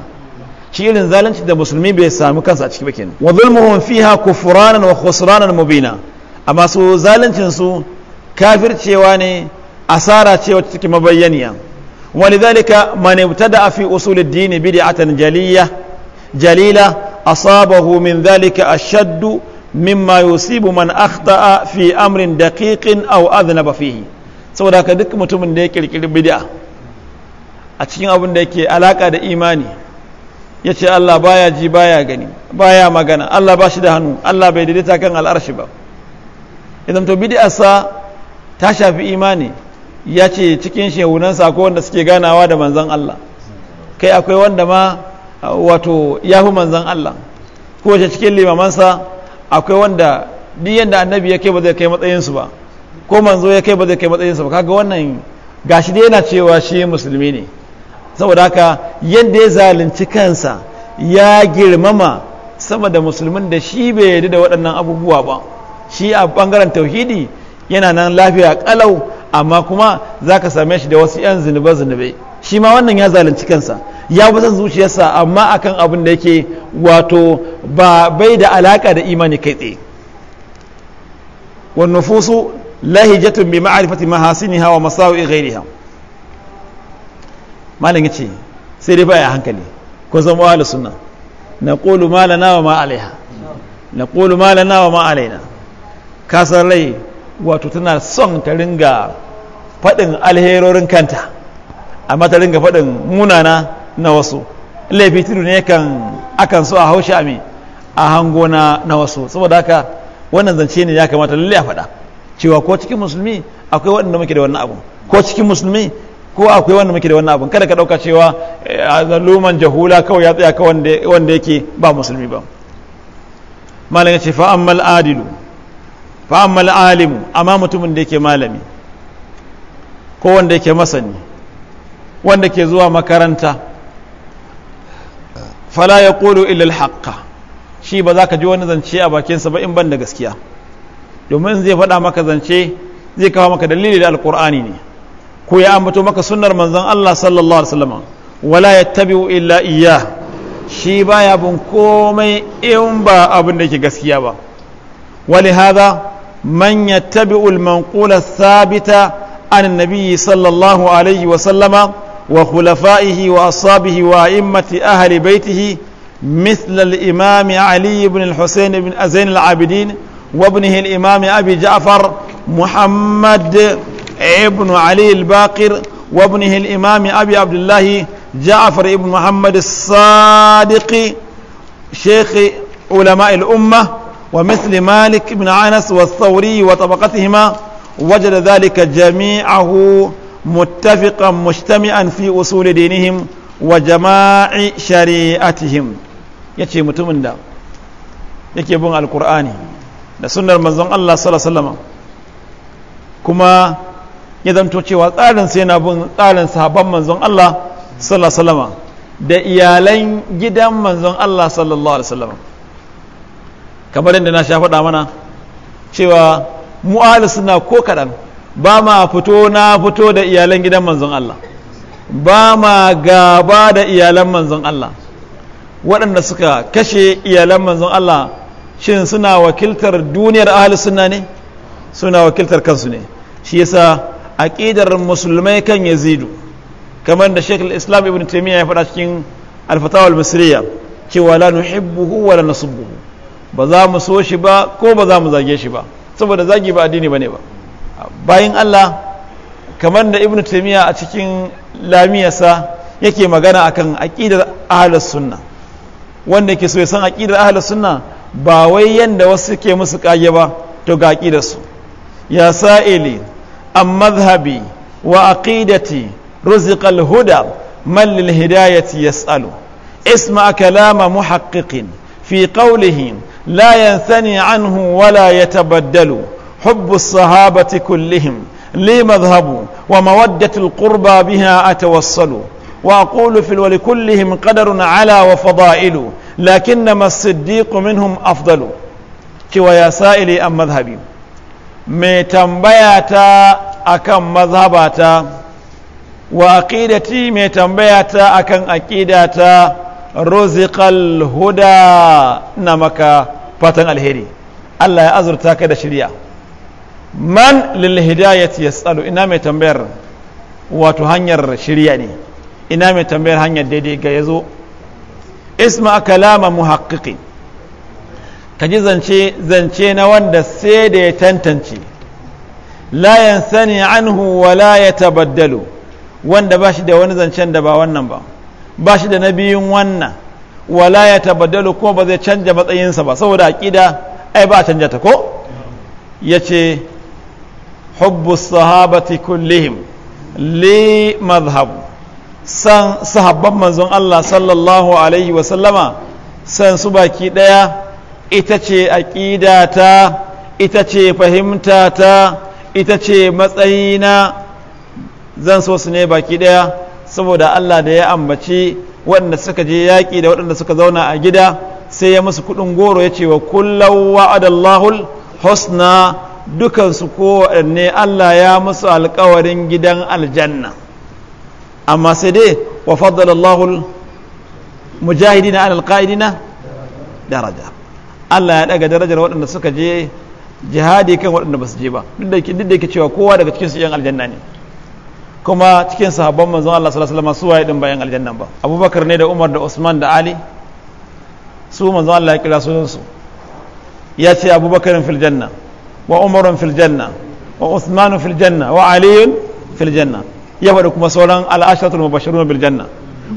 shi irin da musulmi bai sami kansa a ciki ba ke wa zulmuhun fiha kufuranan wa khusranan mubina amma su zaluncin su kafircewa ne asara ce wacce take mabayyaniya walidhalika man ibtada fi usul ad-din bid'atan jaliya jalila asabahu min dhalika min mimma yusibu man akhta'a fi amrin daqiqin aw adhnaba fihi saboda ka duk mutumin da ya kirkiri bid'a a cikin abin da yake alaka da imani ya ce Allah baya ji baya gani baya magana Allah ba shi da hannu Allah bai daidaita kan al'arshi ba idan to sa ta shafi imani ya ce cikin sa ko wanda suke ganawa da manzan Allah kai akwai wanda ma wato yahu manzan Allah ko wace cikin limamansa akwai wanda duk yadda annabi yake ba zai kai matsayin su ba ko manzo ya kai ba zai kai matsayinsa ba kaga wannan gashi dai yana cewa shi musulmi ne saboda haka yadda ya zalunci kansa ya girmama sama da musulmin da shi bai yadda da waɗannan abubuwa ba shi a bangaren tauhidi yana nan lafiya kalau amma kuma za ka same shi da wasu 'yan zunube-zunube shi ma wannan ya zalunci kansa ya bi son zuciyarsa amma akan abin da yake wato ba bai da alaka da imani kai tsaye wa nufusu lahijatun bi ma'arifati mahasiniha wa masawi ghairiha malam yace sai dai baya hankali ko wa ahlus sunna naqulu ma lana wa ma alaiha naqulu ma lana wa ma alaina kasar rai wato tana son ta ringa fadin alherorin kanta amma ta ringa fadin munana na wasu laifi tudu ne kan akan so a haushi a a hango na wasu saboda haka wannan zance ne ya kamata lalle a faɗa cewa ko cikin musulmi akwai waɗanda muke da wannan abun ko cikin musulmi ko akwai wanda muke da wannan abun kada ka ɗauka cewa eh, zaluman jahula kawai ya tsaya ka wanda yake ba musulmi ba malam ya ce fa'ammal adilu fa'ammal alimu amma mutumin da yake malami ko wanda yake masani wanda ke zuwa makaranta fala ya ƙulu ilil haƙƙa shi ba za ka ji wani zance a bakinsa ba in ban da gaskiya domin zai faɗa maka zance zai kawo maka dalili da alkur'ani ne ko ya ambato maka sunnar manzon Allah sallallahu alaihi wasallam wala yattabi'u illa iyya shi baya bin komai in ba abin da yake gaskiya ba wali hada man yattabi'u al-manqula thabita an nabiyyi nabiy sallallahu alaihi wasallama wa khulafaihi wa ashabihi wa a'immati ahli baitihi مثل الإمام علي بن الحسين بن أزين العابدين وابنه الإمام أبي جعفر محمد ابن علي الباقر وابنه الإمام أبي عبد الله جعفر ابن محمد الصادق شيخ علماء الأمة ومثل مالك بن أنس والثوري وطبقتهما وجد ذلك جميعه متفقا مجتمعا في أصول دينهم وجماع شريعتهم يتي متمنى يكي بون القرآن da sunnar manzon Allah sallallahu kuma ya zanto cewa tsarin sai yana bin tsarin sahabban manzon Allah sallallahu da iyalan gidan manzon Allah sallallahu alaihi wasallam kamar yadda na sha faɗa mana cewa mu suna ko kaɗan ba ma fito na fito da iyalan gidan manzon Allah ba ma gaba da iyalan manzon Allah waɗanda suka kashe iyalan manzon Allah shin suna wakiltar duniyar ahli sunna ne suna wakiltar kansu ne shi yasa aqidar musulmai kan yazidu kamar da shekul islam ibn taimiyya ya faɗa cikin alfatawa al-misriya cewa la nuhibbuhu wa la nasubbuhu ba za mu so shi ba ko ba za mu zage shi ba saboda zagi ba addini bane ba bayan Allah kamar da ibn taimiyya a cikin lamiyasa yake magana akan aqidar ahal sunna wanda yake so ya san aqidar ahal sunna ba wai yanda wasu ke musu kage ba to gaƙi da su ya sa'ili a mazhabi wa aqidati ruzik alhuda mallil hidayati yasalu isma kalama muhaqqiqin fi qawlihi la yansani anhu wala ya yatabaddalu hubbu sahabati kullihim li mazhabu wa mawaddati alqurba biha atawassalu wa aqulu fil wali kullihim qadarun ala wa fadailu Lakin as-siddiq minhum afdalu cewa ya sa'ili an mazhabi mai tambayata akan mazhabata wa aqidati mai tambayata ta akan aqidata ruziqal huda na maka fatan alheri Allah ya azurta ka da shirya man lil ya yasalu ina mai tambayar wato hanyar shirya ne ina mai tambayar hanyar daidai ga yazo isma kalama muhaqqiqi ka ji zance zance na wanda sai da ya tantance la yansani anhu wa la yatabaddalu wanda ba da wani zancen da ba wannan ba ba da na biyun wannan wala ya yatabaddalu kuma ba zai canza matsayinsa ba saboda ƙida ai ba canja ta ko yace hubbu sahabati kullihim li madhhabu san sahabban manzon Allah sallallahu alaihi wasallama san su baki ɗaya ita ce aƙidata ita ce fahimtata ita ce matsayina zan so su ne baki ɗaya saboda Allah da ya ambaci waɗanda suka je yaƙi da waɗanda suka zauna a gida sai ya musu kuɗin goro ya ce wa kullum wa'adallahul husna dukansu ne Allah ya musu alƙawarin gidan aljanna amma sai dai wa faddalallahu mujahidina alal qa'idina daraja Allah ya daga darajar waɗanda suka je jihadi kan waɗanda ba su je ba duk da yake cewa kowa daga cikin su yan aljanna ne kuma cikin sahabban manzon Allah sallallahu alaihi wasallam su waye din bayan aljanna ba Abubakar ne da Umar da Usman da Ali su manzon Allah ya kira su ya ce Abubakar fil janna wa Umar fil janna wa Usman fil janna wa Ali fil janna ya faɗi kuma sauran al'ashatul mubashirun bil janna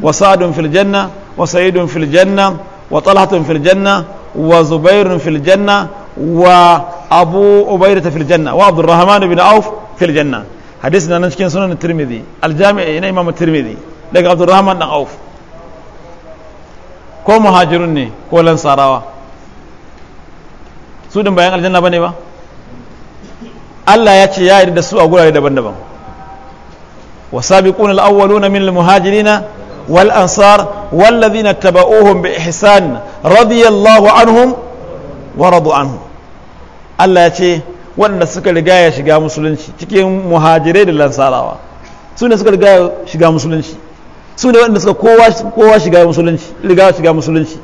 wa sa'dun fil janna wa sa'idun fil janna wa talhatun fil janna wa zubairun fil janna wa abu ubaidata fil janna wa abdurrahman bin auf fil janna hadisi na nan cikin sunan tirmidhi aljami'i na imam tirmidhi daga abdurrahman dan auf ko muhajirun ne ko lansarawa su din bayan aljanna bane ba Allah ya ce ya yarda da su a gurare daban-daban والسابقون الأولون من المهاجرين والأنصار والذين اتبعوهم بإحسان رضي الله عنهم ورضوا عنهم الله يتي waɗanda suka riga shiga musulunci cikin muhajirai da lansarawa su ne suka riga shiga musulunci su ne waɗanda suka riga shiga musulunci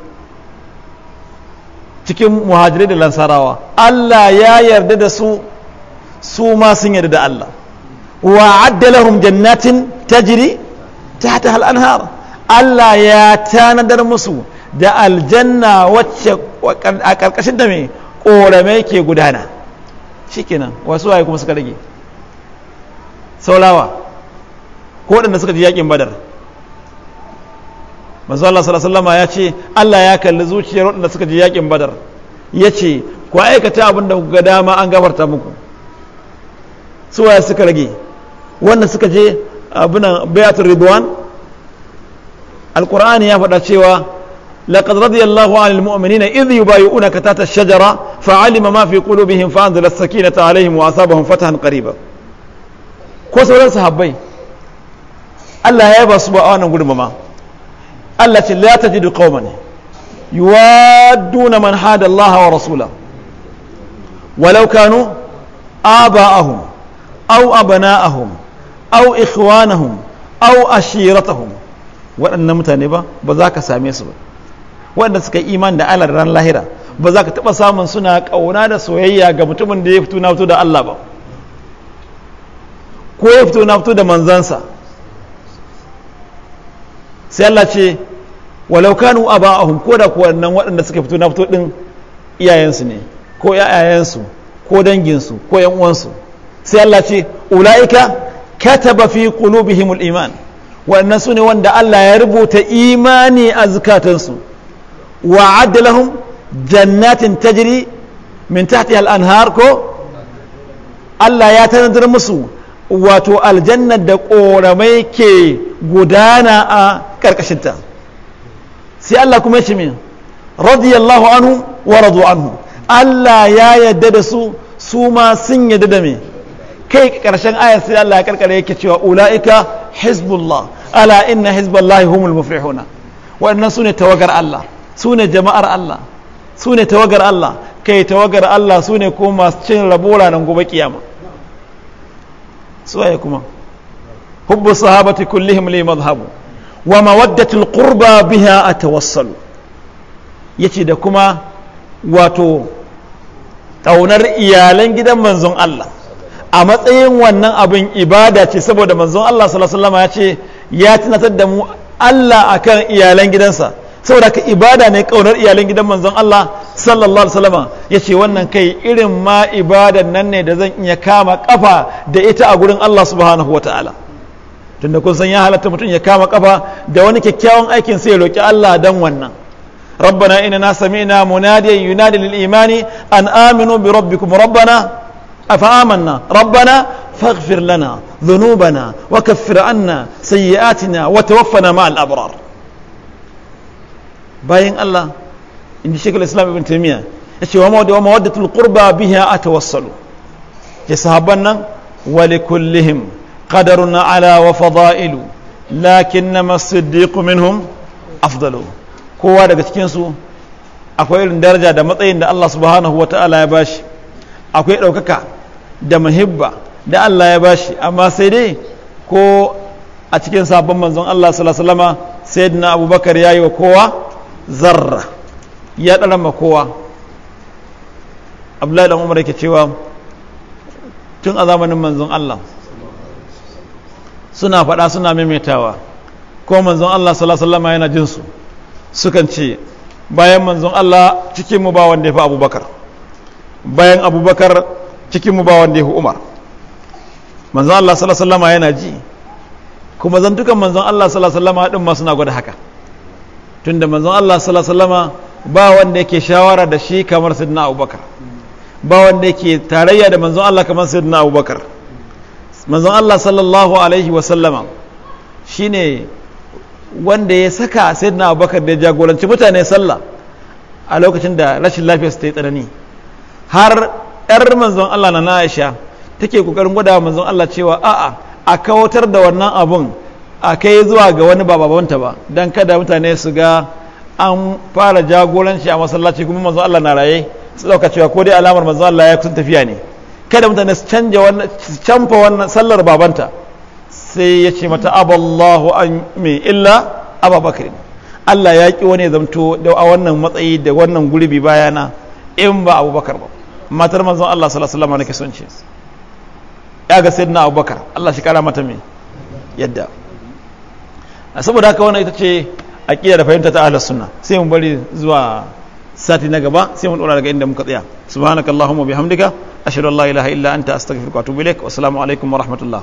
cikin muhajirai da lansarawa Allah ya yarda da su suma sun yarda da Allah wa'adda lahum jannatin tajri tahtaha al-anhar Allah ya tanadar musu da aljanna wacce a karkashin da me koramai ke gudana shikenan wasu waye kuma suka rage saulawa ko waɗanda suka ji yakin badar manzo Allah sallallahu alaihi ya ce Allah ya kalli zuciyar waɗanda suka ji yakin badar ya ce ku aikata abin da kuka dama an gafarta muku su suka rage wanda suka je abinan bayatul ridwan alqur'ani ya faɗa cewa لقد رضي الله عن المؤمنين إذ يبايعونك تحت الشجرة فعلم ما في قلوبهم فأنزل السكينة عليهم وأصابهم فتحا قريبا ko sauran sahabbai Allah ya ba su ba a wannan gudunmama Allah ce la tajidu qauman yuwadduna man hada Allah wa rasula walau kanu aba'ahum aw abana'ahum au ikhwanahum au ashiratahum waɗannan mutane ba ba za ka same su ba waɗanda suka yi iman da alar ran lahira ba za ka taɓa samun suna ƙauna da soyayya ga mutumin da ya fito na fito da Allah ba ko ya fito na fito da manzansa sai Allah ce walau kanu ba'ahun ko da wannan waɗanda suka fito na fito din iyayensu ne ko yayayensu ko danginsu ko yan uwansu sai Allah ce ulaika katabafi fi qulubihimul iman wannan su ne wanda Allah ya rubuta imani a zukatansu wa adda lahum jannatin tajri min tahtiha al-anhar ko Allah ya tanadar musu wato aljanna da ƙoramai ke gudana a ƙarƙashinta sai Allah kuma shi min radiyallahu anhu wa radu anhu Allah ya yadda da su su ma sun yadda da me kai karshen ayar sai Allah ya karkare yake cewa ulaika hizbullah ala inna hizballahi humul muflihuna Wannan su ne tawagar Allah su ne jama'ar Allah su ne tawagar Allah kai tawagar Allah su ne kuma masu cin rabo ranar gobe kiyama suwaye kuma hubbu sahabati kullihim li madhhabu wa mawaddatul qurba biha atawassalu yace da kuma wato taunar iyalan gidan manzon Allah a matsayin wannan abin ibada ce saboda manzon Allah sallallahu ya ce ya tunatar da mu Allah akan iyalan gidansa saboda ka ibada ne kaunar iyalan gidan manzon Allah sallallahu alaihi wasallam ya ce wannan kai irin ma ibadan nan ne da zan iya kama kafa da ita a gurin Allah subhanahu wataala tunda kun san ya halatta mutum ya kama kafa da wani kyakkyawan aikin sai ya roki Allah dan wannan ربنا إننا سمعنا مناديا imani للإيمان Aminu آمنوا بربكم ربنا أفآمنا ربنا فاغفر لنا ذنوبنا وكفر عنا سيئاتنا وتوفنا مع الأبرار باين الله إن شيخ الإسلام ابن تيمية يشي ومودة القربى بها أتوصل يسهبنا ولكلهم قدر على وفضائل لكنما الصديق منهم أفضل كوا daga cikin su akwai irin daraja da matsayin da Allah subhanahu wataala ya bashi akwai ɗaukaka da muhibba da Allah ya bashi amma sai dai ko a cikin sabon manzon Allah salama sai dina abubakar ya yi wa kowa zarra ya ɗara ma kowa abdullahi dan umar yake cewa tun a zamanin manzon Allah suna faɗa suna maimaitawa ko manzon Allah salama yana jinsu sukan ce bayan manzon Allah cikinmu ba wanda ya fi abubakar bayan abubakar cikinmu ba wanda ya umar manzon Allah sallallahu yana ji kuma zantukan manzon Allah sallallahu haɗin ma suna gwada haka tunda manzon Allah sallallahu ba wanda yake shawara da shi kamar sidina abubakar ba wanda yake tarayya da manzon Allah kamar sidina abubakar manzon Allah sallallahu alaihi wasallama ne wanda ya saka sidina abubakar da ya jagoranci mutane sallah a lokacin da rashin lafiyarsa ta yi tsanani har yar manzon Allah na Aisha take kokarin gwada manzon Allah cewa a'a a kawatar da wannan abun a kai zuwa ga wani bababanta ba Don kada mutane su ga an fara jagoranci a masallaci kuma manzon Allah na raye su ɗauka cewa ko dai alamar manzon Allah ya kusan tafiya ne kada mutane su canja wannan canfa wannan sallar babanta sai ya ce mata aballahu an me illa ababakar Allah ya ƙi wani zamto da a wannan matsayi da wannan gurbi bayana in ba abubakar ba matar manzon Allah sallallahu alaihi wasallam nake son ce ya ga na abubakar Allah shi kara mata me yadda saboda haka wani ita ce a aqida da fahimta ta ahalar suna sai mun bari zuwa sati na gaba sai mun dora daga inda muka tsaya subhanakallahumma bihamdika ashhadu an la ilaha illa anta astaghfiruka wa atubu ilaik wa assalamu alaikum wa rahmatullah